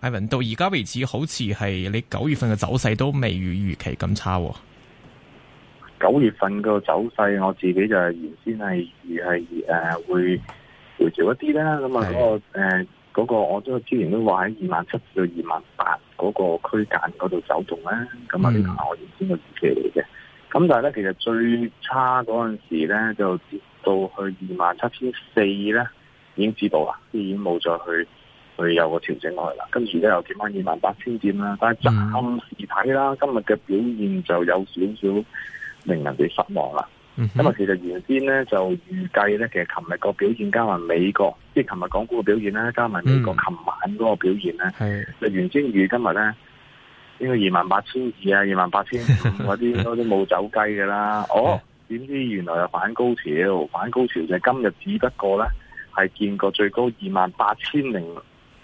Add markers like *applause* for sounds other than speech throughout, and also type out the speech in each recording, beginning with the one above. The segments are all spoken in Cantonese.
Ivan 到而家為止，好似係你九月份嘅走勢都未如預期咁差。九月份個走勢，我自己就原先係係誒會回調一啲啦。咁啊、那個，嗰、呃那個誒個我都之前都話喺二萬七到二萬八嗰個區間嗰度走動咧。咁啊啲係我原先嘅預期嚟嘅。咁、嗯、但係咧，其實最差嗰陣時咧，就到去二萬七千四咧，已經知道啦，已經冇再去。佢有個調整落去啦，跟住咧又見翻二萬八千點啦，但係暫時睇啦、嗯，今日嘅表現就有少少令人哋失望啦。咁、嗯、因為其實原先咧就預計咧，其實琴日個表現加埋美國，即係琴日港股嘅表現啦，加埋美國琴晚嗰個表現咧，即、嗯、係原先預今日咧應該二萬八千二啊，二萬八千五嗰啲都冇走雞噶啦。哦，點知原來又反高潮，反高潮就今日只不過咧係見過最高二萬八千零。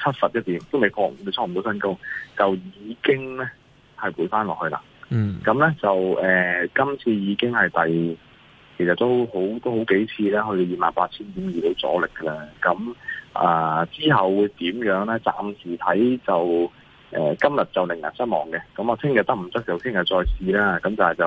七十一點都未過，你創唔到新高，就已經咧係回翻落去啦。嗯，咁咧就誒、呃、今次已經係第，其實都好都好幾次呢去到二萬八千點遇到阻力㗎啦。咁啊、呃、之後會點樣咧？暫時睇就誒、呃、今日就令人失望嘅。咁啊，聽日得唔得就聽日再試啦。咁但係就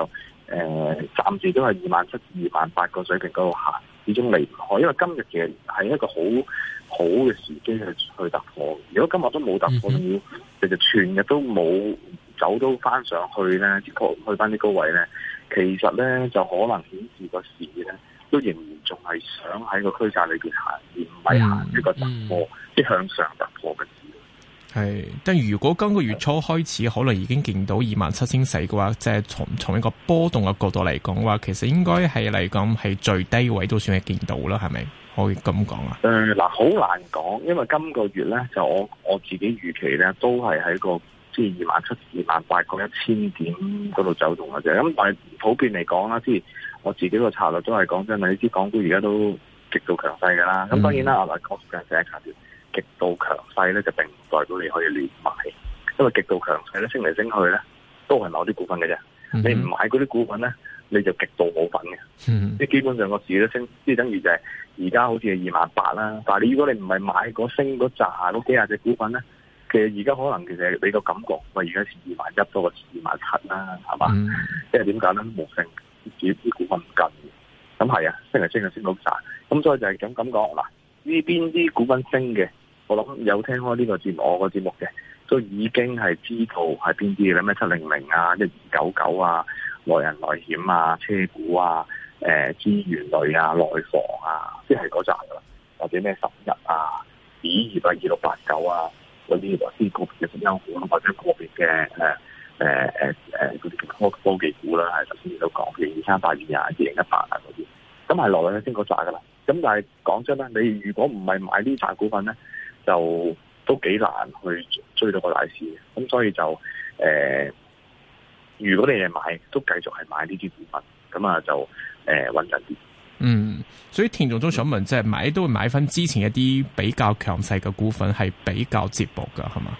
誒暫時都係二萬七至二萬八個水平嗰度行。始終離唔開，因為今日其實係一個很好好嘅時機去去突破。如果今日都冇突破，你、嗯、就全日都冇走，都翻上去咧，的確去翻啲高位咧，其實咧就可能顯示個市咧都仍然仲係想喺個區間裏邊行，而唔係行呢個突破，即、嗯、向上突破嘅。係，但係如果今個月初開始，可能已經見到二萬七千四嘅話，即係從從一個波動嘅角度嚟講嘅話，其實應該係嚟講係最低位都算係見到啦，係咪？我可以咁講啊？誒、呃，嗱，好難講，因為今個月咧，就我我自己預期咧，都係喺個即係二萬七、二萬八個一千點嗰度走動嘅啫。咁但係普遍嚟講啦，即係我自己個策略都係講真這啦，你知港股而家都極度強勢噶啦。咁當然啦，啊、嗯、嗱，極度強勢咧，就並唔代表你可以亂買，因為極度強勢咧，升嚟升去咧，都係攞啲股份嘅啫。Mm -hmm. 你唔買嗰啲股份咧，你就極度冇份嘅。即、mm、係 -hmm. 基本上個市都升，即係等於就係而家好似係二萬八啦。但係你如果你唔係買嗰升嗰扎嗰幾廿隻股份咧，其實而家可能其實你個感覺，喂而家似二萬一多過似二萬七啦，係嘛？即係點解咧，無性啲股啲股份唔近嘅。咁係啊，升嚟升去升到扎。咁所以就係咁感覺嗱，呢邊啲股份升嘅。我諗有聽過呢個節目，我個節目嘅都已經係知道係邊啲嘅，咩七零零啊，一二九九啊，內人內險啊，車股啊，資源類啊，內房啊，即係嗰紮㗎喇，或者咩十五日啊，以二百二六八九啊，嗰啲頭先嗰邊嘅陰股或者個別嘅誒誒誒嗰啲科科技股啦，係頭先都講嘅二三八二、二零一八啊嗰啲，咁係來緊先嗰紮㗎喇。咁但係講真啦，你如果唔係買呢扎股份咧？就都幾難去追到個大市咁，所以就誒、呃，如果你哋買，都繼續係買呢啲股份，咁啊就誒穩陣啲。嗯，所以聽眾都想問，即、就、係、是、買都會買翻之前一啲比較強勢嘅股份，係比較接博噶，係嘛？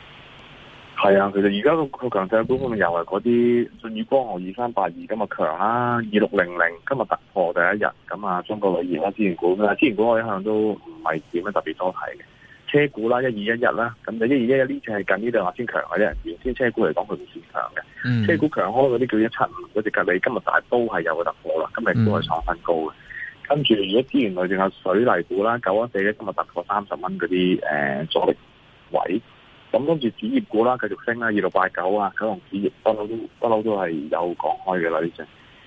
係啊，其實而家個強勢嘅股份又係嗰啲，舜、就、宇、是、光學二三八二今日強啦，二六零零今日突破第一日，咁啊，中國鋁業啦，資源股啦，資源股我一向都唔係點樣特別多睇嘅。車股啦，一二一一啦，咁就一二一一呢隻係近呢兩日先強嘅啫，原先車股嚟講佢唔算強嘅、嗯。車股強開嗰啲叫一七五嗰隻吉利，今日大都係有個突破啦，今日都係創新高嘅。跟住如果資源類仲有水泥股啦，九一四咧今日突破三十蚊嗰啲誒阻力位，咁跟住紙業股啦繼續升啦，二六八九啊，玖龍紙業不嬲都不嬲都係有講開嘅啦呢隻。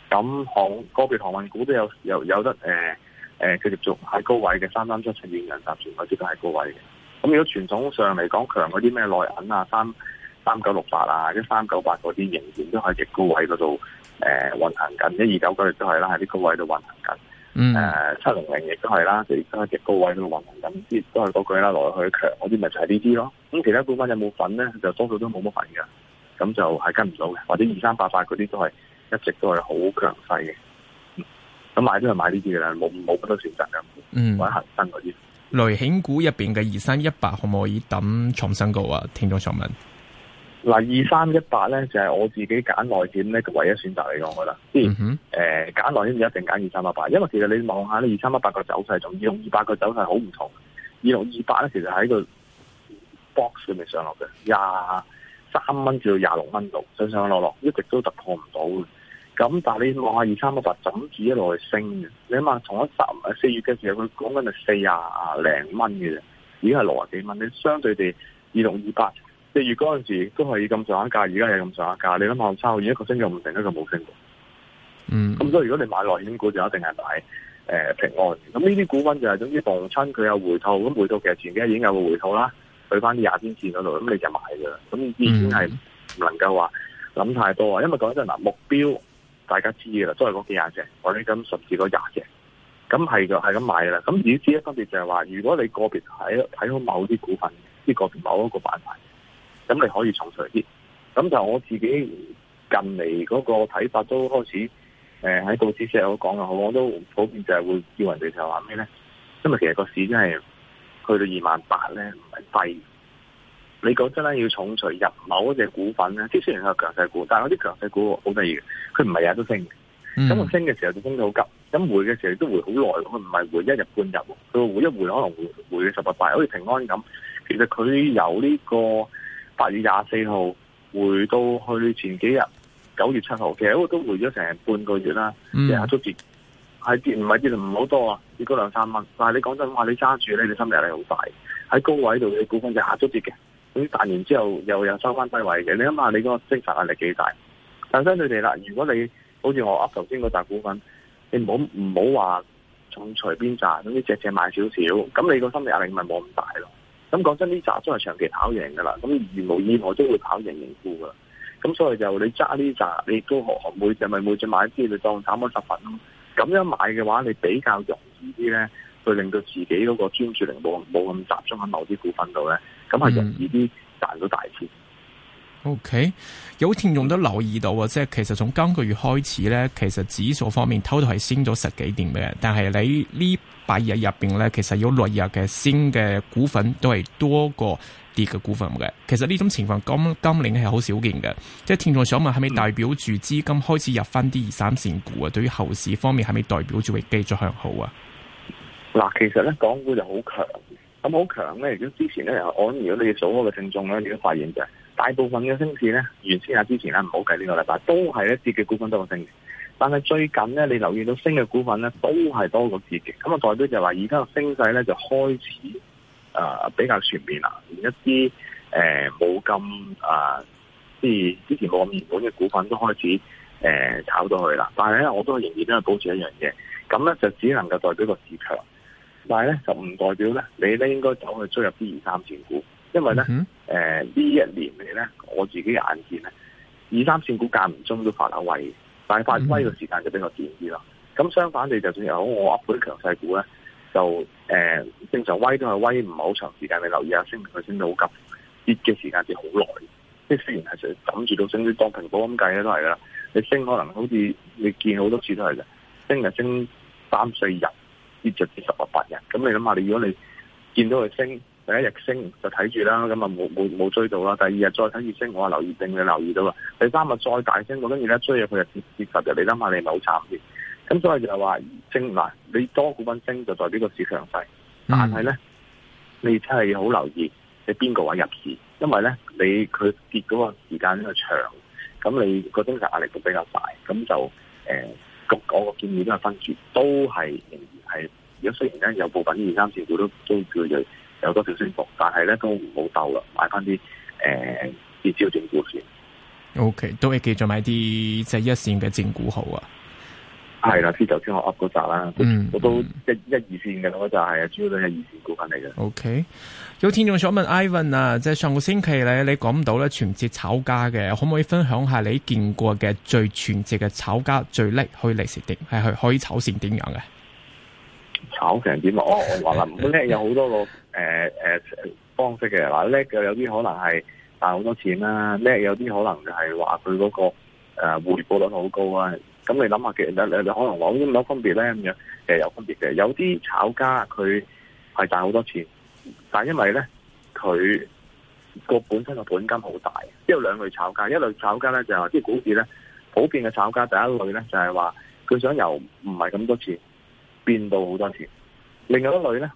咁航、那個別航運股都有有有得誒。呃誒、呃，繼續做喺高位嘅三三七七遠洋集團嗰啲都係高位嘅。咁、嗯、如果傳統上嚟講，強嗰啲咩內銀啊，三三九六八啊，一三九八嗰啲仍然都喺極高位嗰度誒運行緊，一二九九亦都係啦，喺呢個位度運行緊。誒、呃、七零零亦都係啦、嗯，亦都係極高位度運行緊，啲都係嗰句啦，落去強嗰啲咪就係呢啲咯。咁其他股份有冇份咧？就多數都冇乜份嘅，咁就係跟唔到嘅。或者二三八八嗰啲都係一直都係好強勢嘅。咁買都係買呢啲嘅啦，冇冇咁多選擇噶。嗯，或者恒生嗰啲內險股入邊嘅二三一八可唔可以抌重新高啊？聽眾想問，嗱二三一八咧就係我自己揀內險咧唯一選擇嚟講我覺得，即係誒揀內險一定揀二三一八，呃、二三一八,因為其實你望下呢二三一八個走勢同二六二八個走勢好唔同，二六二八咧其實喺個 box 上面上落嘅，廿三蚊至到廿六蚊度上上落落，一直都突破唔到。咁 *music* 但係你望下二三八八枕住一路去升嘅，你諗下同一十四月嘅時候佢講緊係四廿零蚊嘅，而已經係六啊幾蚊。你相對地二六二八四月嗰陣時都係咁上下價，而家又咁上下價。你諗下差好遠，一個星期五成一個冇升。嗯、mm.，咁所以如果你買內險股就一定係買誒、呃、平安。咁呢啲股份就係、是、總之逢親佢有回吐，咁回吐其實前幾日已經有回吐啦，去翻啲廿天線嗰度，咁你就買噶啦。咁已經係唔能夠話諗太多啊，因為講真嗱目標。大家知嘅啦，都係嗰幾廿隻，或者咁甚至嗰廿隻，咁係就係咁買嘅啦。咁已知嘅分別就係話，如果你個別睇睇好某啲股份，即個別某一個板塊，咁你可以重隨啲。咁就我自己近嚟嗰個睇法都開始，誒、呃、喺道知識我講嘅，我都普遍就係會叫人哋就話咩咧？因為其實個市真係去到二萬八咧，唔係低。你講真啦，要重除入某一隻股份咧，即使係強勢股，但係嗰啲強勢股好得意嘅，佢唔係日日都升嘅。咁、嗯、升嘅時候，佢升到好急，咁回嘅時候都回好耐，佢唔係回一日半日。佢回一回，可能回回十日八日，好似平安咁。其實佢由呢個八月廿四號回到去前幾日九月七號，其實都回咗成半個月啦，日日逐跌，係跌唔係跌到唔好多啊，跌嗰兩三蚊。但係你講真話，你揸住咧，你心理壓力好大喺高位度嘅股份就日日逐跌嘅。咁賺完之後，又有收翻低位嘅，你諗下你個升罰壓力幾大？但相對地啦，如果你好似我厄頭先嗰扎股份，你唔好唔好話重隨便揸，總之隻隻買少少，咁你個心理壓力咪冇咁大咯？咁講真，呢扎都係長期跑贏噶啦，咁如無意外都會跑贏盈富噶。咁所以就你揸呢扎，你都學每隻咪每隻買啲嚟當產品集品咯。咁樣買嘅話，你比較容易啲咧，去令到自己嗰個專注力冇冇咁集中喺某啲股份度咧。咁、嗯、啊，容易啲賺到大錢。O、okay? K，有聽眾都留意到啊，即係其實從今個月開始咧，其實指數方面偷偷係升咗十幾點嘅。但係你呢八日入面咧，其實有六日嘅升嘅股份都係多過跌嘅股份嘅。其實呢種情況今年係好少見嘅。即係聽眾想問，係咪代表住資金開始入翻啲二三線股啊、嗯？對於後市方面係咪代表住會繼續向好啊？嗱，其實咧港股就好強。咁好強咧！如果之前咧，我諗如果你數我嘅聽眾咧，你都發現就大部分嘅升市咧，原先下之前咧，唔好計呢個禮拜，都係一跌嘅股份多過升嘅。但係最近咧，你留意到升嘅股份咧，都係多過跌嘅。咁啊，代表就話而家嘅升勢咧，就開始誒、呃、比較全面啦。連一啲誒冇咁誒，即、呃、係、呃、之前冇咁熱門嘅股份都開始誒、呃、炒到去啦。但係咧，我都仍然都係保持一樣嘢，咁咧就只能夠代表個市場。但係咧就唔代表咧，你呢應該走去追入啲二三線股，因為咧誒呢、嗯呃、一年嚟咧，我自己眼見咧，二三線股間唔中都發下威，但係發威嘅時間就比較短啲啦，咁相反，你就算有好，我入嗰強勢股咧，就誒正常威都係威，唔係好長時間，你留意下升佢先，到好急跌嘅時間至好耐，即係雖然係等住到升，當蘋果咁計咧都係啦，你升可能好似你見好多次都係嘅，升就升三四日，跌咗跌十個八日，咁你諗下，你如果你見到佢升第一日升就睇住啦，咁啊冇冇冇追到啦。第二日再睇住升，我話留意定你留意到啦。第三日再大升，我跟住咧追入佢啊，跌跌十日，你諗下你咪好慘啲。咁所以就係話升嗱，你多股份升就代表個市場強勢，但係咧你真係要好留意你邊個位入市，因為咧你佢跌嗰個時間又長，咁你個精神壓力都比較大，咁就誒，個個建議都係分住，都係。係而家雖然咧有部分二三線股都都叫有有多少升幅，但係咧都唔好鬥啦，買翻啲誒啲跌超正股先。O、okay, K. 都係繼續買啲即係一線嘅正股好啊。係啦，頭先我 up 嗰集啦。我都一一二線嘅我就係主要都係二線股份嚟嘅。O、okay, K. 有聽眾想問 Ivan 啊，即係上個星期咧，你講到咧全職炒家嘅，可唔可以分享下你見過嘅最全職嘅炒家最叻去嚟食定係去可以炒線點樣嘅？炒成點啊？哦，我話啦，叻有好多個誒誒方式嘅。嗱，叻嘅有啲可能係賺好多錢啦，叻有啲可能就係話佢嗰個誒回報率好高啊。咁你諗下其實，你你可能講咁多分別咧咁樣，誒有分別嘅，有啲炒家佢係賺好多錢，但因為咧佢個本身個本金好大，即係兩類炒家，一類炒家咧就係即係股市咧普遍嘅炒家，第一類咧就係話佢想由唔係咁多錢。變到好多錢，另外一類咧，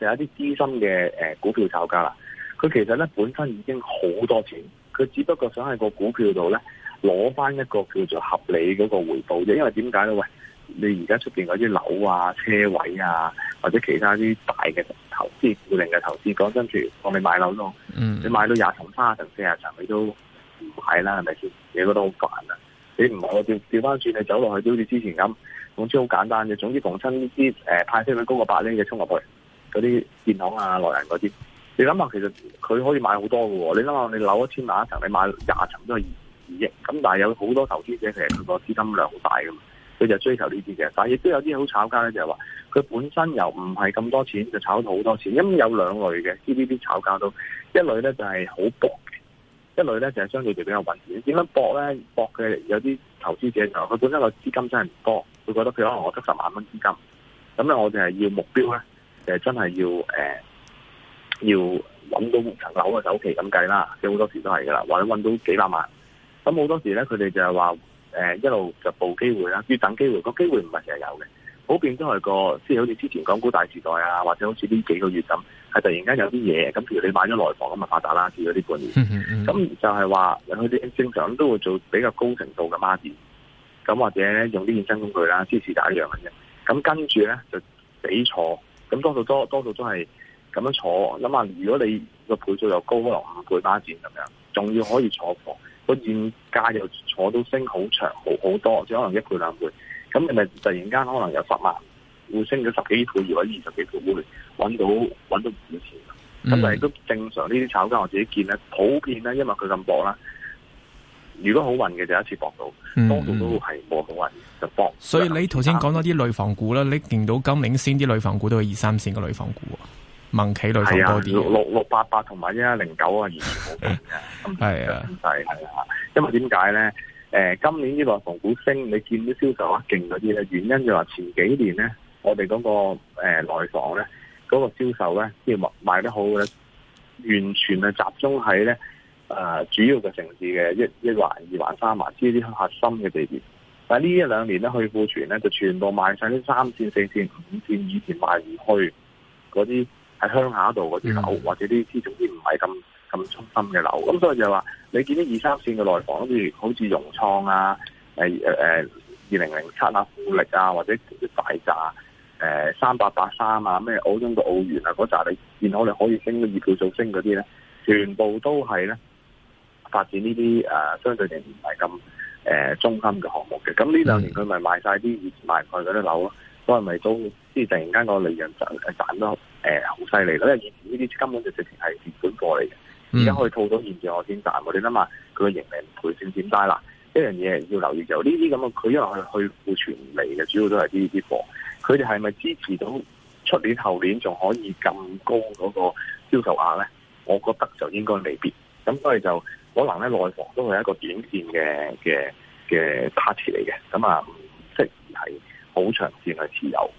就有啲資深嘅，誒、呃、股票炒家啦。佢其實咧本身已經好多錢，佢只不過想喺個股票度咧攞翻一個叫做合理嗰個回報啫。因為點解咧？喂，你而家出邊嗰啲樓啊、車位啊，或者其他啲大嘅投資固定嘅投資，講跟住，我未買樓咯、嗯，你買到廿層、三啊層、四啊層，你都唔買啦，係咪先？你覺得好煩啊？你唔好調調翻轉，你走落去都好似之前咁。總之好簡單嘅，總之逢親呢啲誒派息率高過八厘嘅衝落去嗰啲銀行啊、內銀嗰啲，你諗下其實佢可以買好多㗎喎、哦，你諗下你樓一千萬一層，你買廿層都係二二億，咁但係有好多投資者其實佢個資金量好大嘛，佢就追求呢啲嘅，但係亦都有啲好炒家咧，就係話佢本身又唔係咁多錢，就炒到好多錢，因、嗯、為有兩類嘅 CBB 炒價到，一類咧就係好搏嘅，一類咧就係、是、相對嚟比較穩。點樣搏咧？搏嘅有啲。投資者就佢本身個資金真係唔多，佢覺得佢可能我得十萬蚊資金，咁咧我哋係要目標咧，誒、就是、真係要誒、呃、要揾到層樓嘅首期咁計啦，即好多時都係噶啦，或者揾到幾百萬，咁好多時咧佢哋就係話誒一路就捕機會啦，要等機會，個機會唔係成日有嘅，普遍都係個即係好似之前港股大時代啊，或者好似呢幾個月咁。突然間有啲嘢，咁譬如你買咗內房咁咪發達啦，住咗啲半年，咁就係話，有啲正常都會做比較高程度嘅孖展，咁或者用啲衍生工具啦，支持打一樣嘅，咁跟住咧就死坐，咁多數多多數都係咁樣坐，諗下如果你個倍數又高，可能五倍孖展咁樣，仲要可以坐房，個現價又坐到升好長好好多，即可能一倍兩倍，咁你咪突然間可能有十萬。會升咗十幾倍，或者二十幾倍，揾到揾到唔少錢。咁、嗯、但係都正常。呢啲炒家我自己見咧，普遍咧，因為佢咁薄啦。如果好運嘅就一次搏到，多、嗯、數都係冇好運就搏。所以你頭先講多啲內房股啦，啊，你見到今年先啲內房股都係二三線嘅內房股，民企內房多啲。六六八八同埋一一零九啊，二全冇變嘅。係啊，係啊，因為點解咧？誒、呃，今年呢內房股升，你見啲銷售啊勁嗰啲咧，原因就話前幾年咧。我哋嗰個誒內房咧，嗰個銷售咧，即係賣得好咧，完全係集中喺咧誒主要嘅城市嘅一一環、二環、三環之啲核心嘅地段。但係呢一兩年咧去庫存咧，就全部賣晒啲三線、四線、五線、二線賣唔去嗰啲喺鄉下度嗰啲樓，或者啲之總之唔係咁咁中心嘅樓。咁所以就話你見啲二三線嘅內房，好似好似融創啊、誒誒二零零七啊、富力啊，或者啲大雜。誒、呃，三八八三啊，咩澳洲個澳元啊，嗰扎你，然後你可以升個月票數升嗰啲咧，全部都係咧發展呢啲誒相對定唔係咁誒中心嘅項目嘅。咁呢兩年佢咪賣晒啲以前賣過嗰啲樓咯，所以咪都即係突然間個利潤賺賺得誒好犀利咯。因為以前呢啲根本就直情係蝕本貨嚟嘅，而家可以套到現賺想想錢我先賺嗰啲啦嘛，佢嘅盈利倍先點大啦。一樣嘢要留意就呢啲咁啊，佢因為係去庫存嚟嘅，主要都係呢啲貨。佢哋係咪支持到出年、後年仲可以咁高嗰個銷售額咧？我覺得就應該未必。咁所以就可能咧內房都係一個短線嘅嘅嘅 part 嚟嘅。咁啊，唔適宜係好長線去持有。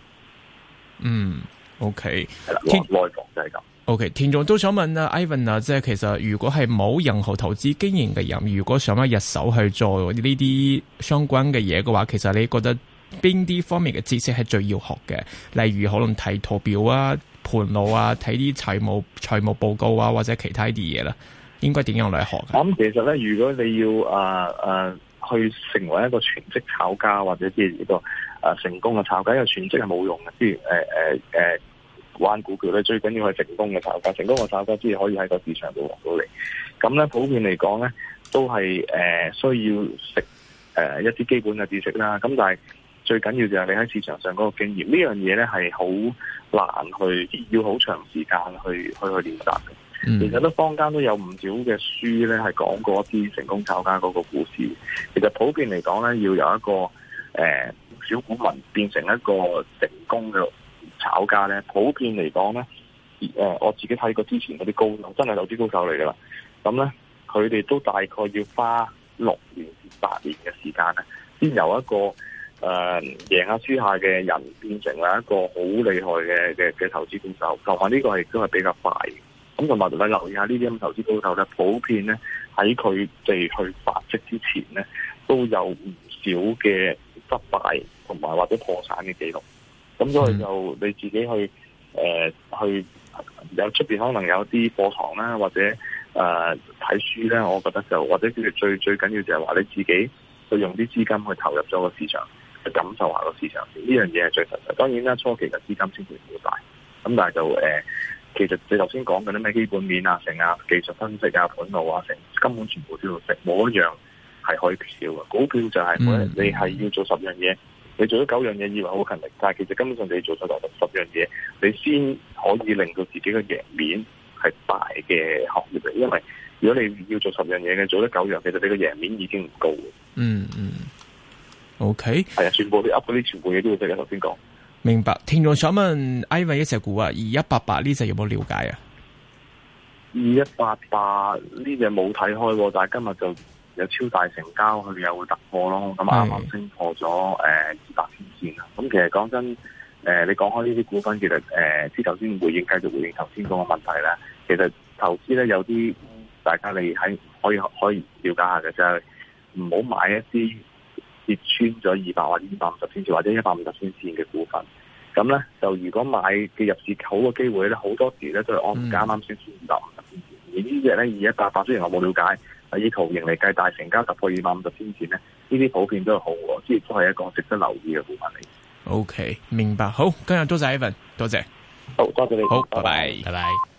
嗯，OK，係啦，內房就係咁。O.K. 聽眾都想問啊，Ivan 啊，即係其實如果係冇任何投資經驗嘅人，如果想一入手去做呢啲相關嘅嘢嘅話，其實你覺得邊啲方面嘅知識係最要學嘅？例如可能睇圖表啊、盤路啊、睇啲財務財務報告啊，或者其他啲嘢啦，應該點樣嚟學的？咁其實咧，如果你要啊啊、呃呃、去成為一個全職炒家或者係一個啊成功嘅炒家，因為全職係冇用嘅，譬如誒誒誒。呃呃玩股票咧，最緊要係成功嘅炒家。成功嘅炒家先至可以喺個市場度活到嚟。咁咧，普遍嚟講咧，都係誒、呃、需要食誒、呃、一啲基本嘅知識啦。咁但係最緊要就係你喺市場上嗰個經驗。這樣呢樣嘢咧係好難去，要好長時間去去去練習嘅。其實都坊間都有唔少嘅書咧，係講過一啲成功炒家嗰個故事。其實普遍嚟講咧，要由一個誒、呃、小股民變成一個成功嘅。炒家咧，普遍嚟講咧，誒，我自己睇過之前嗰啲高手，真係投資高手嚟噶啦。咁咧，佢哋都大概要花六年至八年嘅時間咧，先由一個誒贏下、呃、輸下嘅人，變成一個好厲害嘅嘅嘅投資高手。同埋呢個係都係比較快。咁同埋你留意下呢啲咁投資高手咧，普遍咧喺佢哋去發跡之前咧，都有唔少嘅失敗同埋或者破產嘅記錄。咁所以就你自己去誒、呃、去有出邊可能有啲課堂啦，或者誒睇、呃、書咧，我覺得就或者叫做最最緊要就係話你自己去用啲資金去投入咗個市場，去感受下個市場。呢樣嘢係最實質。當然啦，初期嘅資金先唔會好大，咁、嗯、但係就誒、呃，其實你頭先講緊啲咩基本面啊，成啊技術分析啊，盤路啊，成根本全部都要食，冇一樣係可以少嘅。股票就係、是嗯，你係要做十樣嘢。你做咗九樣嘢，以為好勤力，但係其實根本上你做咗十樣嘢，你先可以令到自己嘅贏面係大嘅行業嚟。因為如果你要做十樣嘢嘅，你做咗九樣，其實你嘅贏面已經唔高了。嗯嗯，OK，係啊，全部啲 up 啲全部嘢都要頭先講。明白。聽眾想問 Ivan 一隻股啊，二一八八呢隻有冇了解啊？二一八八呢隻冇睇開，但係今日就。有超大成交，佢哋又會突破咯。咁啱啱升破咗誒二百天線啦。咁、呃、其實講真，誒、呃、你講開呢啲股份，其實誒先頭先回應，繼續回應頭先嗰個問題啦。其實投資咧有啲大家你喺可以可以瞭解下嘅，就係唔好買一啲跌穿咗二百或者二百五十天線或者一百五十天線嘅股份。咁咧就如果買嘅入市好嘅機會咧，好多時咧都係安啱啱先算。二百五十天線。而呢隻咧二一八八，雖然我冇了解。以圖形嚟計，大成交突破二百五十天前，咧，呢啲普遍都係好，即係都係一個值得留意嘅部分嚟。O、okay, K，明白。好，今日多謝 Evan 多謝，謝。好，多謝，謝你。好，拜拜。拜拜。拜拜。